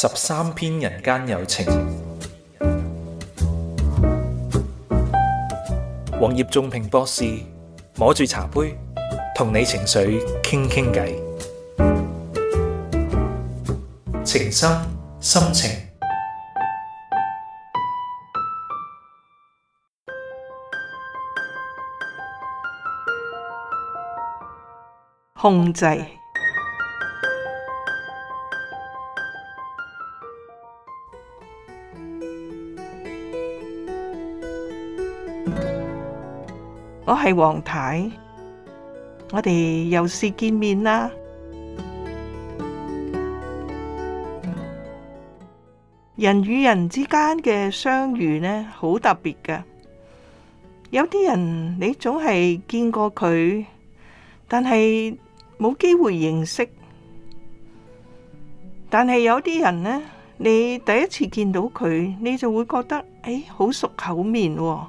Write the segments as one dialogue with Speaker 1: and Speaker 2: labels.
Speaker 1: 十三篇人間有情，黃葉仲平博士摸住茶杯，同你情緒傾傾偈：情心心情控制。我係黃太，我哋又是見面啦。人與人之間嘅相遇呢，好特別嘅。有啲人你總係見過佢，但係冇機會認識。但係有啲人呢，你第一次見到佢，你就會覺得誒，好熟口面喎。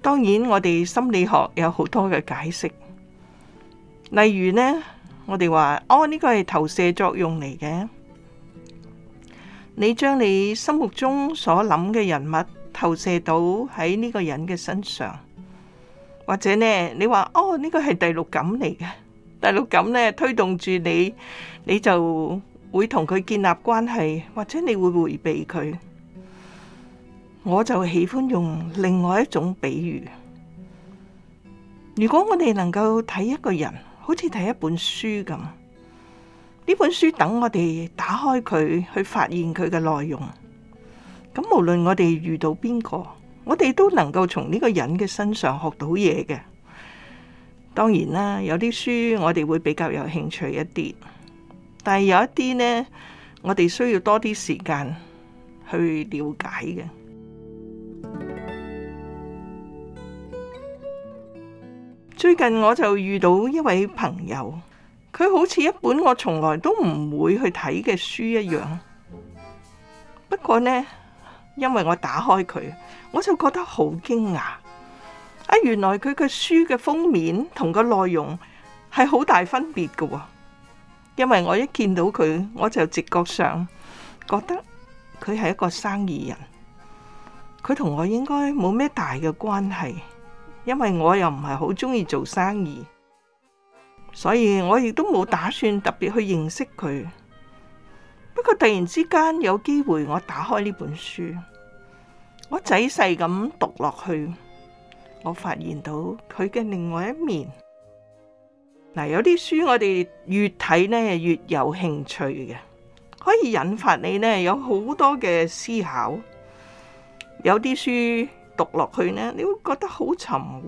Speaker 1: 當然，我哋心理學有好多嘅解釋，例如呢，我哋話哦，呢個係投射作用嚟嘅。你將你心目中所諗嘅人物投射到喺呢個人嘅身上，或者呢，你話哦，呢個係第六感嚟嘅。第六感呢，推動住你，你就會同佢建立關係，或者你會迴避佢。我就喜歡用另外一種比喻。如果我哋能夠睇一個人，好似睇一本書咁，呢本書等我哋打開佢，去發現佢嘅內容。咁無論我哋遇到邊個，我哋都能夠從呢個人嘅身上學到嘢嘅。當然啦，有啲書我哋會比較有興趣一啲，但係有一啲呢，我哋需要多啲時間去了解嘅。最近我就遇到一位朋友，佢好似一本我從來都唔會去睇嘅書一樣。不過呢，因為我打開佢，我就覺得好驚訝。啊、哎，原來佢嘅書嘅封面同個內容係好大分別嘅。因為我一見到佢，我就直覺上覺得佢係一個生意人，佢同我應該冇咩大嘅關係。因為我又唔係好鍾意做生意，所以我亦都冇打算特別去認識佢。不過突然之間有機會，我打開呢本書，我仔細咁讀落去，我發現到佢嘅另外一面。嗱，有啲書我哋越睇呢越有興趣嘅，可以引發你呢有好多嘅思考。有啲書，讀落去呢，你會覺得好沉悶。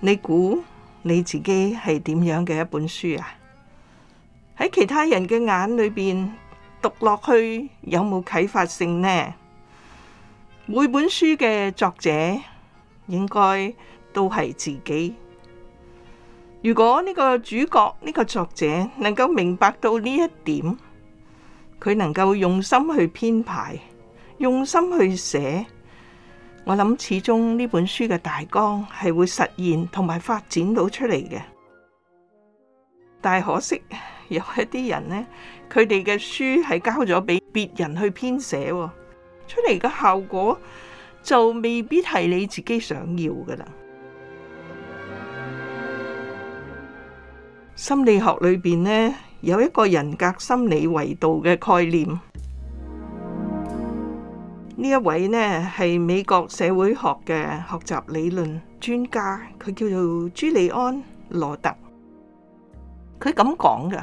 Speaker 1: 你估你自己係點樣嘅一本書啊？喺其他人嘅眼裏邊讀落去，有冇啟發性呢？每本書嘅作者應該都係自己。如果呢個主角呢個作者能夠明白到呢一點。佢能夠用心去編排、用心去寫，我諗始終呢本書嘅大綱係會實現同埋發展到出嚟嘅。但係可惜，有一啲人咧，佢哋嘅書係交咗俾別人去編寫喎，出嚟嘅效果就未必係你自己想要嘅啦。心理學裏邊呢有一個人格心理維度嘅概念，呢一位呢係美國社會學嘅學習理論專家，佢叫做朱利安·羅特。佢噉講㗎，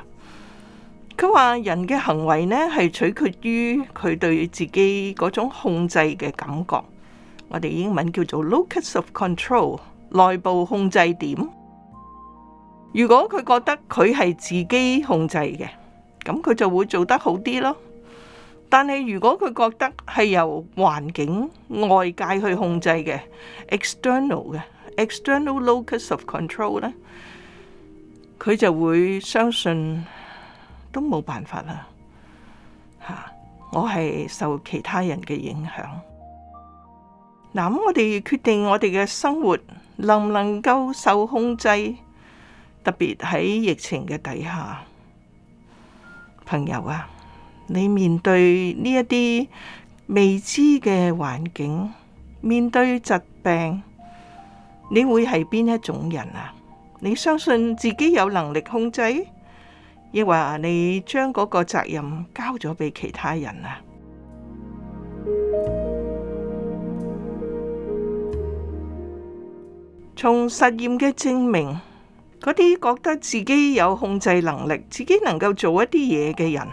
Speaker 1: 佢話人嘅行為呢係取決於佢對自己嗰種控制嘅感覺，我哋英文叫做 locus of control，內部控制點。如果佢覺得佢係自己控制嘅，咁佢就會做得好啲咯。但係如果佢覺得係由環境外界去控制嘅 external 嘅 external locus of control 咧，佢就會相信都冇辦法啦。嚇，我係受其他人嘅影響。嗱，咁我哋決定我哋嘅生活能唔能夠受控制？特別喺疫情嘅底下，朋友啊，你面對呢一啲未知嘅環境，面對疾病，你會係邊一種人啊？你相信自己有能力控制，抑或你將嗰個責任交咗俾其他人啊？從實驗嘅證明，嗰啲覺得自己有控制能力、自己能夠做一啲嘢嘅人，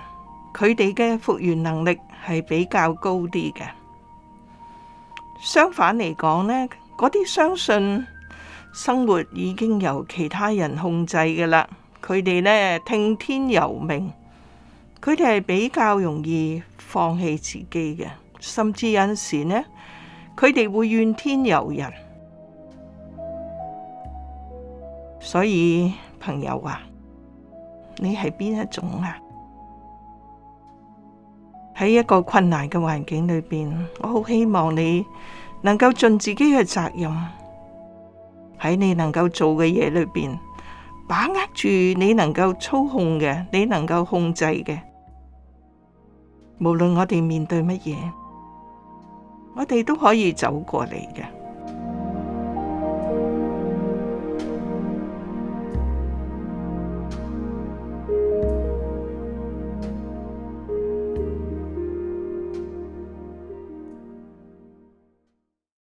Speaker 1: 佢哋嘅復原能力係比較高啲嘅。相反嚟講呢，嗰啲相信生活已經由其他人控制嘅啦，佢哋呢聽天由命，佢哋係比較容易放棄自己嘅，甚至有陣時呢，佢哋會怨天尤人。所以，朋友啊，你係邊一種啊？喺一個困難嘅環境裏邊，我好希望你能夠盡自己嘅責任，喺你能夠做嘅嘢裏邊，把握住你能夠操控嘅，你能夠控制嘅，無論我哋面對乜嘢，我哋都可以走過嚟嘅。